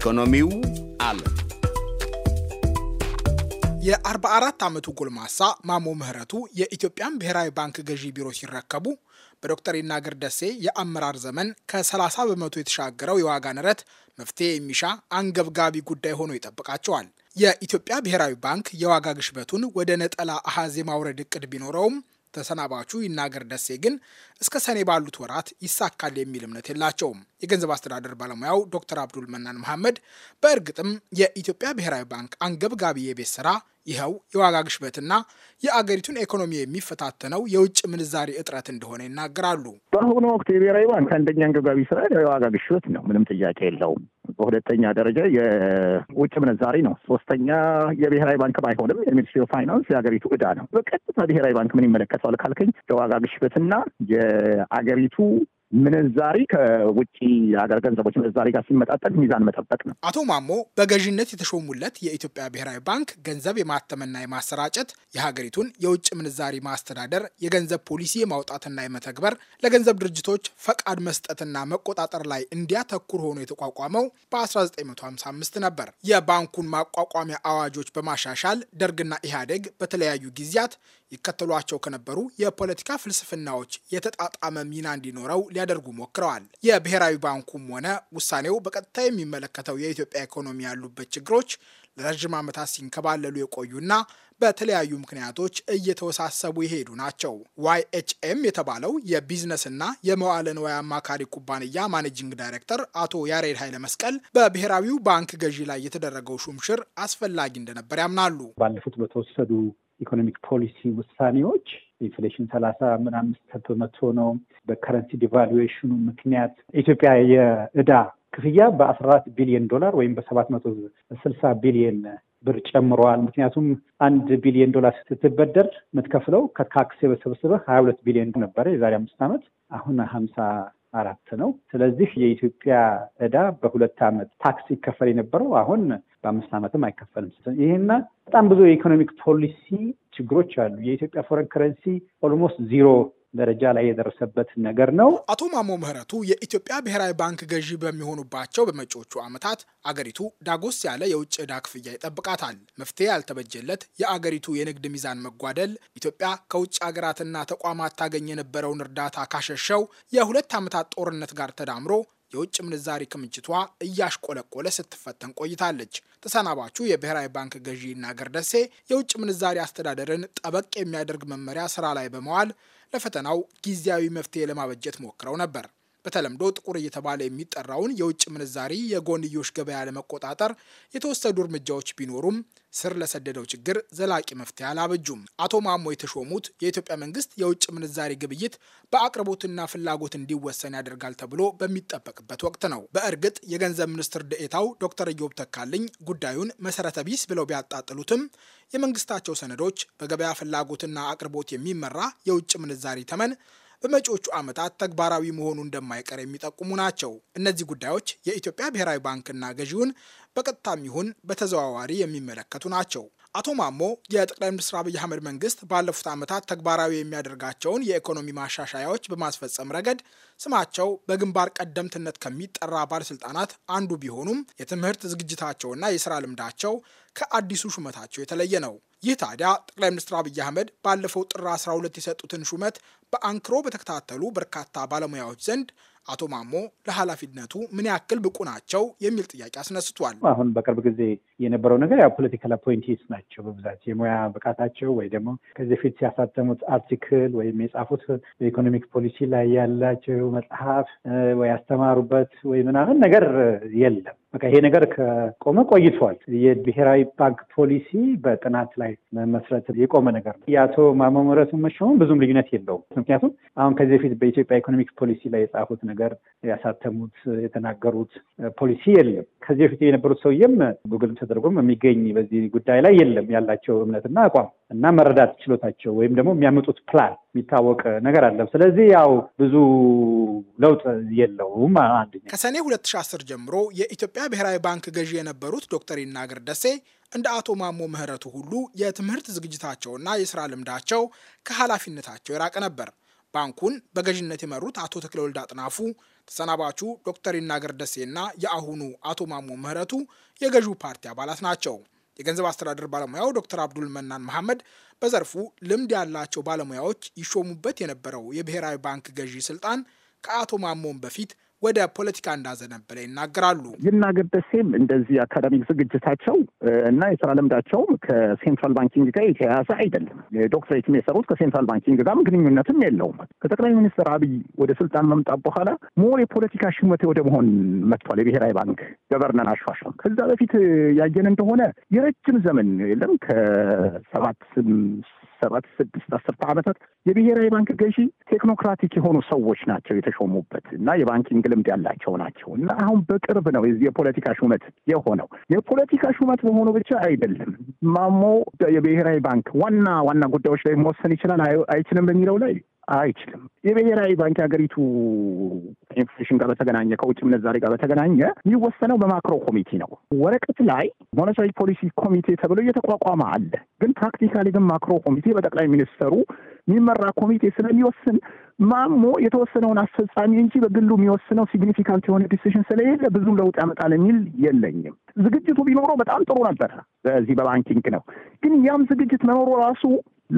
ኢኮኖሚው አለ። የ44 ዓመቱ ጎልማሳ ማሞ ምህረቱ የኢትዮጵያን ብሔራዊ ባንክ ገዢ ቢሮ ሲረከቡ በዶክተር ይናገር ደሴ የአመራር ዘመን ከ30 በመቶ የተሻገረው የዋጋ ንረት መፍትሄ የሚሻ አንገብጋቢ ጉዳይ ሆኖ ይጠብቃቸዋል። የኢትዮጵያ ብሔራዊ ባንክ የዋጋ ግሽበቱን ወደ ነጠላ አሃዝ የማውረድ እቅድ ቢኖረውም ተሰናባቹ ይናገር ደሴ ግን እስከ ሰኔ ባሉት ወራት ይሳካል የሚል እምነት የላቸውም። የገንዘብ አስተዳደር ባለሙያው ዶክተር አብዱል መናን መሐመድ በእርግጥም የኢትዮጵያ ብሔራዊ ባንክ አንገብጋቢ የቤት ስራ ይኸው የዋጋ ግሽበትና የአገሪቱን ኢኮኖሚ የሚፈታተነው የውጭ ምንዛሪ እጥረት እንደሆነ ይናገራሉ። በአሁኑ ወቅት የብሔራዊ ባንክ አንደኛ አንገብጋቢ ስራ የዋጋ ግሽበት ነው፣ ምንም ጥያቄ የለውም። በሁለተኛ ደረጃ የውጭ ምንዛሪ ነው። ሶስተኛ የብሔራዊ ባንክ ባይሆንም የሚኒስትሪ ፋይናንስ የአገሪቱ እዳ ነው። በቀጥታ ብሔራዊ ባንክ ምን ይመለከተዋል ካልከኝ የዋጋ ግሽበትና የአገሪቱ ምንዛሪ ከውጭ ሀገር ገንዘቦች ምንዛሪ ጋር ሲመጣጠን ሚዛን መጠበቅ ነው። አቶ ማሞ በገዥነት የተሾሙለት የኢትዮጵያ ብሔራዊ ባንክ ገንዘብ የማተምና የማሰራጨት የሀገሪቱን የውጭ ምንዛሪ ማስተዳደር፣ የገንዘብ ፖሊሲ የማውጣትና የመተግበር፣ ለገንዘብ ድርጅቶች ፈቃድ መስጠትና መቆጣጠር ላይ እንዲያተኩር ሆኖ የተቋቋመው በ1955 ነበር። የባንኩን ማቋቋሚያ አዋጆች በማሻሻል ደርግና ኢህአዴግ በተለያዩ ጊዜያት ይከተሏቸው ከነበሩ የፖለቲካ ፍልስፍናዎች የተጣጣመ ሚና እንዲኖረው ሊያደርጉ ሞክረዋል። የብሔራዊ ባንኩም ሆነ ውሳኔው በቀጥታ የሚመለከተው የኢትዮጵያ ኢኮኖሚ ያሉበት ችግሮች ለረዥም ዓመታት ሲንከባለሉ የቆዩና በተለያዩ ምክንያቶች እየተወሳሰቡ የሄዱ ናቸው። ዋይ ኤች ኤም የተባለው የቢዝነስና የመዋለ ንዋይ አማካሪ ኩባንያ ማኔጂንግ ዳይሬክተር አቶ ያሬድ ኃይለ መስቀል በብሔራዊው ባንክ ገዢ ላይ የተደረገው ሹምሽር አስፈላጊ እንደነበር ያምናሉ። ባለፉት በተወሰዱ ኢኮኖሚክ ፖሊሲ ውሳኔዎች ኢንፍሌሽን ሰላሳ ምናምስት በመቶ ነው። በከረንሲ ዲቫሉዌሽኑ ምክንያት ኢትዮጵያ የእዳ ክፍያ በአስራ አራት ቢሊዮን ዶላር ወይም በሰባት መቶ ስልሳ ቢሊዮን ብር ጨምረዋል። ምክንያቱም አንድ ቢሊዮን ዶላር ስትበደር የምትከፍለው ከታክስ የበሰበሰበ ሀያ ሁለት ቢሊዮን ነበረ የዛሬ አምስት ዓመት አሁን ሀምሳ አራት ነው። ስለዚህ የኢትዮጵያ እዳ በሁለት ዓመት ታክስ ይከፈል የነበረው አሁን በአምስት ዓመትም አይከፈልም። ይህና በጣም ብዙ የኢኮኖሚክ ፖሊሲ ችግሮች አሉ። የኢትዮጵያ ፎረን ከረንሲ ኦልሞስት ዚሮ ደረጃ ላይ የደረሰበት ነገር ነው። አቶ ማሞ ምህረቱ የኢትዮጵያ ብሔራዊ ባንክ ገዢ በሚሆኑባቸው በመጪዎቹ ዓመታት አገሪቱ ዳጎስ ያለ የውጭ ዕዳ ክፍያ ይጠብቃታል። መፍትሄ ያልተበጀለት የአገሪቱ የንግድ ሚዛን መጓደል ኢትዮጵያ ከውጭ ሀገራትና ተቋማት ታገኝ የነበረውን እርዳታ ካሸሸው የሁለት ዓመታት ጦርነት ጋር ተዳምሮ የውጭ ምንዛሪ ክምችቷ እያሽቆለቆለ ስትፈተን ቆይታለች። ተሰናባቹ የብሔራዊ ባንክ ገዢ ይናገር ደሴ የውጭ ምንዛሪ አስተዳደርን ጠበቅ የሚያደርግ መመሪያ ስራ ላይ በመዋል ለፈተናው ጊዜያዊ መፍትሄ ለማበጀት ሞክረው ነበር። በተለምዶ ጥቁር እየተባለ የሚጠራውን የውጭ ምንዛሪ የጎንዮሽ ገበያ ለመቆጣጠር የተወሰዱ እርምጃዎች ቢኖሩም ስር ለሰደደው ችግር ዘላቂ መፍትሄ አላበጁም። አቶ ማሞ የተሾሙት የኢትዮጵያ መንግስት የውጭ ምንዛሬ ግብይት በአቅርቦትና ፍላጎት እንዲወሰን ያደርጋል ተብሎ በሚጠበቅበት ወቅት ነው። በእርግጥ የገንዘብ ሚኒስትር ደኤታው ዶክተር ኢዮብ ተካልኝ ጉዳዩን መሰረተ ቢስ ብለው ቢያጣጥሉትም የመንግስታቸው ሰነዶች በገበያ ፍላጎትና አቅርቦት የሚመራ የውጭ ምንዛሬ ተመን በመጪዎቹ ዓመታት ተግባራዊ መሆኑ እንደማይቀር የሚጠቁሙ ናቸው። እነዚህ ጉዳዮች የኢትዮጵያ ብሔራዊ ባንክና ገዢውን በቀጥታም ይሁን በተዘዋዋሪ የሚመለከቱ ናቸው። አቶ ማሞ የጠቅላይ ሚኒስትር አብይ አህመድ መንግስት ባለፉት ዓመታት ተግባራዊ የሚያደርጋቸውን የኢኮኖሚ ማሻሻያዎች በማስፈጸም ረገድ ስማቸው በግንባር ቀደምትነት ከሚጠራ ባለስልጣናት አንዱ ቢሆኑም የትምህርት ዝግጅታቸውና የስራ ልምዳቸው ከአዲሱ ሹመታቸው የተለየ ነው። ይህ ታዲያ ጠቅላይ ሚኒስትር አብይ አህመድ ባለፈው ጥር 12 የሰጡትን ሹመት በአንክሮ በተከታተሉ በርካታ ባለሙያዎች ዘንድ አቶ ማሞ ለኃላፊነቱ ምን ያክል ብቁ ናቸው የሚል ጥያቄ አስነስቷል። አሁን በቅርብ ጊዜ የነበረው ነገር ያው ፖለቲካል አፖይንቲስ ናቸው በብዛት የሙያ ብቃታቸው ወይ ደግሞ ከዚህ በፊት ሲያሳተሙት አርቲክል ወይም የጻፉት በኢኮኖሚክ ፖሊሲ ላይ ያላቸው መጽሐፍ ወይ ያስተማሩበት ወይ ምናምን ነገር የለም። በቃ ይሄ ነገር ከቆመ ቆይቷል። የብሔራዊ ባንክ ፖሊሲ በጥናት ላይ መመስረት የቆመ ነገር ነው። የአቶ ማሞ ምህረቱ ብዙም ልዩነት የለውም። ምክንያቱም አሁን ከዚህ በፊት በኢትዮጵያ ኢኮኖሚክ ፖሊሲ ላይ የጻፉት ነገር ያሳተሙት፣ የተናገሩት ፖሊሲ የለም። ከዚህ በፊት የነበሩት ሰውዬም ጉግል ተደርጎም የሚገኝ በዚህ ጉዳይ ላይ የለም ያላቸው እምነትና አቋም እና መረዳት ችሎታቸው ወይም ደግሞ የሚያመጡት ፕላን የሚታወቅ ነገር አለ። ስለዚህ ያው ብዙ ለውጥ የለውም። አንደኛ ከሰኔ 2010 ጀምሮ የኢትዮጵያ ብሔራዊ ባንክ ገዢ የነበሩት ዶክተር ይናገር ደሴ እንደ አቶ ማሞ ምህረቱ ሁሉ የትምህርት ዝግጅታቸውና የስራ ልምዳቸው ከኃላፊነታቸው የራቀ ነበር። ባንኩን በገዥነት የመሩት አቶ ተክለወልድ አጥናፉ፣ ተሰናባቹ ዶክተር ይናገር ደሴና የአሁኑ አቶ ማሞ ምህረቱ የገዢው ፓርቲ አባላት ናቸው። የገንዘብ አስተዳደር ባለሙያው ዶክተር አብዱል መናን መሐመድ በዘርፉ ልምድ ያላቸው ባለሙያዎች ይሾሙበት የነበረው የብሔራዊ ባንክ ገዢ ስልጣን ከአቶ ማሞን በፊት ወደ ፖለቲካ እንዳዘነበለ ይናገራሉ። ይናገር ደሴም እንደዚህ አካዳሚክ ዝግጅታቸው እና የስራ ልምዳቸውም ከሴንትራል ባንኪንግ ጋር የተያያዘ አይደለም። ዶክትሬትም የሰሩት ከሴንትራል ባንኪንግ ጋርም ግንኙነትም የለውም። ከጠቅላይ ሚኒስትር አብይ ወደ ስልጣን መምጣት በኋላ ሞር የፖለቲካ ሽመቴ ወደ መሆን መጥቷል። የብሔራዊ ባንክ ገቨርነር አሿሿም ከዛ በፊት ያየን እንደሆነ የረጅም ዘመን የለም ከሰባት ሰባት ስድስት አስርተ ዓመታት የብሔራዊ ባንክ ገዢ ቴክኖክራቲክ የሆኑ ሰዎች ናቸው የተሾሙበት እና የባንኪንግ ልምድ ያላቸው ናቸው እና አሁን በቅርብ ነው የፖለቲካ ሹመት የሆነው። የፖለቲካ ሹመት መሆኑ ብቻ አይደለም። ማሞ የብሔራዊ ባንክ ዋና ዋና ጉዳዮች ላይ መወሰን ይችላል አይችልም በሚለው ላይ አይችልም። የብሔራዊ ባንክ የሀገሪቱ ኢንፍሌሽን ጋር በተገናኘ ከውጭ ምንዛሬ ጋር በተገናኘ የሚወሰነው በማክሮ ኮሚቴ ነው። ወረቀት ላይ ሞኔታሪ ፖሊሲ ኮሚቴ ተብሎ እየተቋቋመ አለ። ግን ፕራክቲካሊ ግን ማክሮ ኮሚቴ በጠቅላይ ሚኒስተሩ የሚመራ ኮሚቴ ስለሚወስን ማሞ የተወሰነውን አስፈጻሚ እንጂ በግሉ የሚወስነው ሲግኒፊካንት የሆነ ዲሲሽን ስለሌለ ብዙም ለውጥ ያመጣል የሚል የለኝም። ዝግጅቱ ቢኖረው በጣም ጥሩ ነበር። በዚህ በባንኪንግ ነው። ግን ያም ዝግጅት መኖሩ ራሱ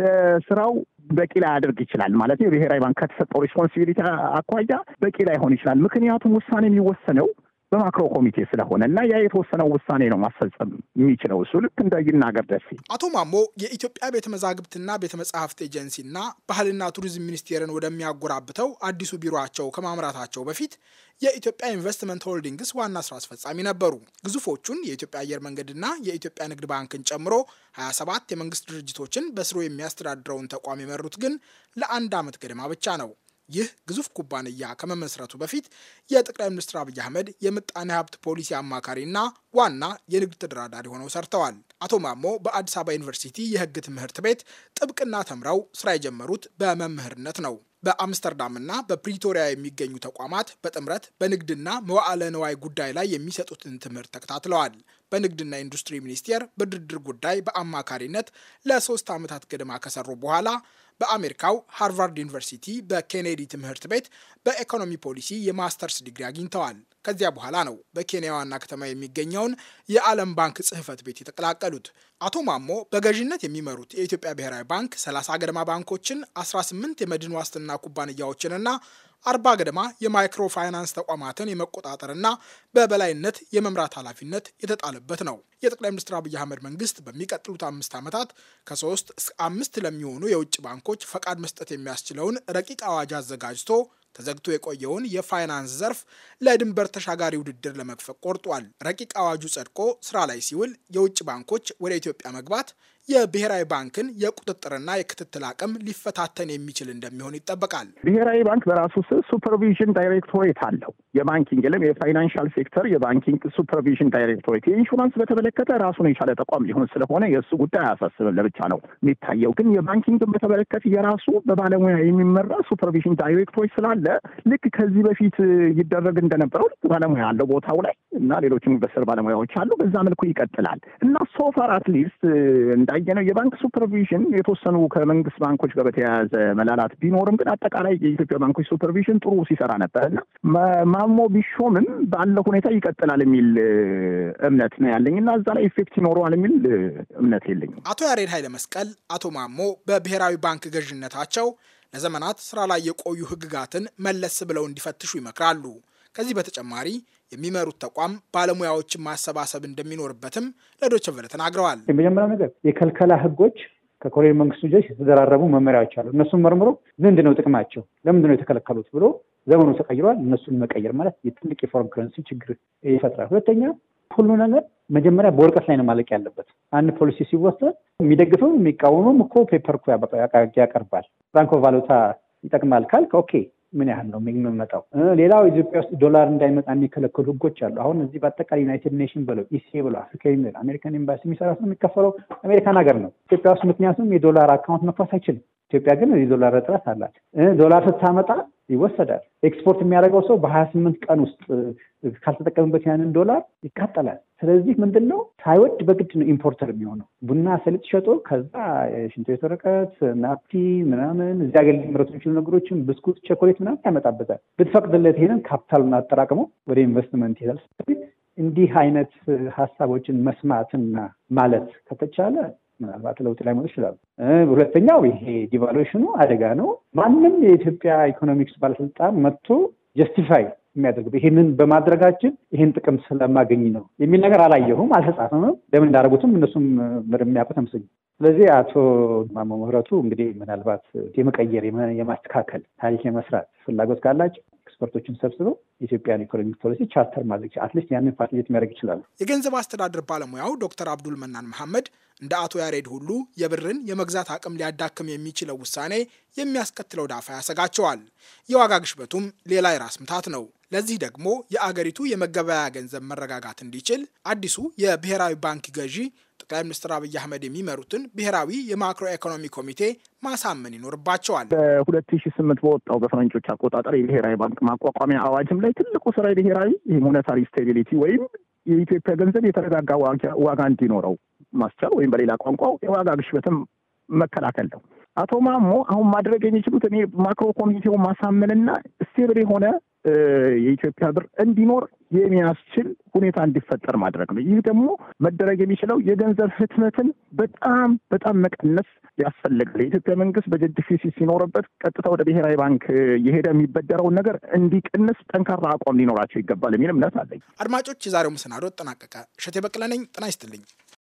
ለስራው በቂ ላይ አድርግ ይችላል ማለት የብሔራዊ ባንክ ከተሰጠው ሪስፖንሲቢሊቲ አኳያ በቂ ላይ ሆን ይችላል። ምክንያቱም ውሳኔ የሚወሰነው በማክሮ ኮሚቴ ስለሆነ እና ያ የተወሰነው ውሳኔ ነው ማስፈጸም የሚችለው እሱ ልክ እንደ ይናገር ደሴ። አቶ ማሞ የኢትዮጵያ ቤተ መዛግብትና ቤተ መጽሐፍት ኤጀንሲና ባህልና ቱሪዝም ሚኒስቴርን ወደሚያጎራብተው አዲሱ ቢሮቸው ከማምራታቸው በፊት የኢትዮጵያ ኢንቨስትመንት ሆልዲንግስ ዋና ስራ አስፈጻሚ ነበሩ። ግዙፎቹን የኢትዮጵያ አየር መንገድና የኢትዮጵያ ንግድ ባንክን ጨምሮ 27 የመንግስት ድርጅቶችን በስሩ የሚያስተዳድረውን ተቋም የመሩት ግን ለአንድ ዓመት ገደማ ብቻ ነው። ይህ ግዙፍ ኩባንያ ከመመስረቱ በፊት የጠቅላይ ሚኒስትር አብይ አህመድ የምጣኔ ሀብት ፖሊሲ አማካሪና ዋና የንግድ ተደራዳሪ ሆነው ሰርተዋል። አቶ ማሞ በአዲስ አበባ ዩኒቨርሲቲ የሕግ ትምህርት ቤት ጥብቅና ተምረው ስራ የጀመሩት በመምህርነት ነው። በአምስተርዳምና በፕሪቶሪያ የሚገኙ ተቋማት በጥምረት በንግድና መዋዕለ ነዋይ ጉዳይ ላይ የሚሰጡትን ትምህርት ተከታትለዋል። በንግድና ኢንዱስትሪ ሚኒስቴር በድርድር ጉዳይ በአማካሪነት ለሶስት ዓመታት ገደማ ከሰሩ በኋላ በአሜሪካው ሃርቫርድ ዩኒቨርሲቲ በኬኔዲ ትምህርት ቤት በኢኮኖሚ ፖሊሲ የማስተርስ ዲግሪ አግኝተዋል። ከዚያ በኋላ ነው በኬንያ ዋና ከተማ የሚገኘውን የዓለም ባንክ ጽህፈት ቤት የተቀላቀሉት። አቶ ማሞ በገዥነት የሚመሩት የኢትዮጵያ ብሔራዊ ባንክ 30 ገደማ ባንኮችን፣ 18 የመድን ዋስትና ኩባንያዎችንና አርባ ገደማ የማይክሮ ፋይናንስ ተቋማትን የመቆጣጠርና በበላይነት የመምራት ኃላፊነት የተጣለበት ነው። የጠቅላይ ሚኒስትር አብይ አህመድ መንግስት በሚቀጥሉት አምስት ዓመታት ከሶስት እስከ አምስት ለሚሆኑ የውጭ ባንኮች ፈቃድ መስጠት የሚያስችለውን ረቂቅ አዋጅ አዘጋጅቶ ተዘግቶ የቆየውን የፋይናንስ ዘርፍ ለድንበር ተሻጋሪ ውድድር ለመክፈት ቆርጧል። ረቂቅ አዋጁ ጸድቆ ስራ ላይ ሲውል የውጭ ባንኮች ወደ ኢትዮጵያ መግባት የብሔራዊ ባንክን የቁጥጥርና የክትትል አቅም ሊፈታተን የሚችል እንደሚሆን ይጠበቃል። ብሔራዊ ባንክ በራሱ ስር ሱፐርቪዥን ዳይሬክቶሬት አለው። የባንኪንግ ለም የፋይናንሻል ሴክተር የባንኪንግ ሱፐርቪዥን ዳይሬክቶሬት የኢንሹራንስ በተመለከተ ራሱን የቻለ ተቋም ሊሆን ስለሆነ የእሱ ጉዳይ አያሳስብም፣ ለብቻ ነው የሚታየው። ግን የባንኪንግን በተመለከተ የራሱ በባለሙያ የሚመራ ሱፐርቪዥን ዳይሬክቶሬት ስላለ ልክ ከዚህ በፊት ይደረግ እንደነበረው ልክ ባለሙያ አለው ቦታው ላይ እና ሌሎችም በስር ባለሙያዎች አሉ። በዛ መልኩ ይቀጥላል እና ሶፋር አትሊስት እንዳየነው የባንክ ሱፐርቪዥን የተወሰኑ ከመንግስት ባንኮች ጋር በተያያዘ መላላት ቢኖርም ግን አጠቃላይ የኢትዮጵያ ባንኮች ሱፐርቪዥን ጥሩ ሲሰራ ነበር እና ማሞ ቢሾምም ባለ ሁኔታ ይቀጥላል የሚል እምነት ነው ያለኝ እና እዛ ላይ ኢፌክት ይኖረዋል የሚል እምነት የለኝም። አቶ ያሬድ ኃይለ መስቀል አቶ ማሞ በብሔራዊ ባንክ ገዥነታቸው ለዘመናት ስራ ላይ የቆዩ ህግጋትን መለስ ብለው እንዲፈትሹ ይመክራሉ። ከዚህ በተጨማሪ የሚመሩት ተቋም ባለሙያዎችን ማሰባሰብ እንደሚኖርበትም ለዶቸቨለ ተናግረዋል። የመጀመሪያው ነገር የከልከላ ህጎች ከኮሎኔል መንግስቱ ጀሽ የተደራረቡ መመሪያዎች አሉ። እነሱን መርምሮ ምንድን ነው ጥቅማቸው፣ ለምንድን ነው የተከለከሉት ብሎ ዘመኑ ተቀይሯል። እነሱን መቀየር ማለት የትልቅ የፎረን ክረንሲ ችግር ይፈጥራል። ሁለተኛ ሁሉ ነገር መጀመሪያ በወረቀት ላይ ነው ማለቅ ያለበት። አንድ ፖሊሲ ሲወሰድ የሚደግፈው የሚቃወመውም እኮ ፔፐር ያቀርባል። ፍራንኮ ቫሉታ ይጠቅማል ካልክ ኦኬ ምን ያህል ነው የሚመጣው? ሌላው ኢትዮጵያ ውስጥ ዶላር እንዳይመጣ የሚከለክሉ ህጎች አሉ። አሁን እዚህ በአጠቃላይ ዩናይትድ ኔሽን ብለው ኢሴ ብለው አፍሪካ ዩኒየን አሜሪካን ኤምባሲ የሚሰራ ሰው የሚከፈለው አሜሪካን ሀገር ነው። ኢትዮጵያ ውስጥ ምክንያቱም የዶላር አካውንት መክፈት አይችልም። ኢትዮጵያ ግን የዶላር እጥረት አላት። ዶላር ስታመጣ ይወሰዳል። ኤክስፖርት የሚያደርገው ሰው በሀያ ስምንት ቀን ውስጥ ካልተጠቀምበት ያንን ዶላር ይቃጠላል። ስለዚህ ምንድን ነው ሳይወድ በግድ ነው ኢምፖርተር የሚሆነው። ቡና ሰሊጥ ሸጦ ከዛ ሽንት ቤት ወረቀት፣ ናፕቲ ምናምን እዚህ ሀገር ሊመረቱ የሚችሉ ነገሮችን ብስኩት፣ ቸኮሌት ምናምን ያመጣበታል። ብትፈቅድለት ይሄንን ካፒታሉን አጠራቅሞ ወደ ኢንቨስትመንት ይሄዳል። እንዲህ አይነት ሀሳቦችን መስማትና ማለት ከተቻለ ምናልባት ለውጥ ላይ ሞት ይችላሉ። ሁለተኛው ይሄ ዲቫሉሽኑ አደጋ ነው። ማንም የኢትዮጵያ ኢኮኖሚክስ ባለስልጣን መጥቶ ጀስቲፋይ የሚያደርግ ይህንን በማድረጋችን ይህን ጥቅም ስለማገኝ ነው የሚል ነገር አላየሁም፣ አልተጻፈምም። ለምን እንዳደረጉትም እነሱም የሚያውቁት ምስል ስለዚህ አቶ ማሞ ምህረቱ እንግዲህ ምናልባት የመቀየር የማስተካከል ታሪክ የመስራት ፍላጎት ካላቸው ኤክስፐርቶችን ሰብስበው የኢትዮጵያን ኢኮኖሚክ ፖሊሲ ቻርተር ማድረግ አትሊስት ያንን ፋሲሊት የሚያደርግ ይችላሉ። የገንዘብ አስተዳደር ባለሙያው ዶክተር አብዱል መናን መሐመድ እንደ አቶ ያሬድ ሁሉ የብርን የመግዛት አቅም ሊያዳክም የሚችለው ውሳኔ የሚያስከትለው ዳፋ ያሰጋቸዋል። የዋጋ ግሽበቱም ሌላ የራስ ምታት ነው። ለዚህ ደግሞ የአገሪቱ የመገበያያ ገንዘብ መረጋጋት እንዲችል አዲሱ የብሔራዊ ባንክ ገዢ ጠቅላይ ሚኒስትር አብይ አህመድ የሚመሩትን ብሔራዊ የማክሮ ኢኮኖሚ ኮሚቴ ማሳመን ይኖርባቸዋል። በሁለት ሺ ስምንት በወጣው በፈረንጆች አቆጣጠር የብሔራዊ ባንክ ማቋቋሚያ አዋጅም ላይ ትልቁ ስራ የብሔራዊ ሞኔታሪ ስቴቢሊቲ ወይም የኢትዮጵያ ገንዘብ የተረጋጋ ዋጋ እንዲኖረው ማስቻል ወይም በሌላ ቋንቋ የዋጋ ግሽበትም መከላከል ነው። አቶ ማሞ አሁን ማድረግ የሚችሉት እኔ ማክሮ ኮሚቴው ማሳመንና ስቴብል የሆነ የኢትዮጵያ ብር እንዲኖር የሚያስችል ሁኔታ እንዲፈጠር ማድረግ ነው። ይህ ደግሞ መደረግ የሚችለው የገንዘብ ህትመትን በጣም በጣም መቀነስ ያስፈልጋል። የኢትዮጵያ መንግስት በጀት ዲፊሲት ሲኖርበት ቀጥታ ወደ ብሔራዊ ባንክ የሄደ የሚበደረውን ነገር እንዲቀንስ ጠንካራ አቋም ሊኖራቸው ይገባል የሚል እምነት አለኝ። አድማጮች፣ የዛሬው መሰናዶ ተጠናቀቀ። እሸቴ በቀለ ነኝ። ጤና ይስጥልኝ።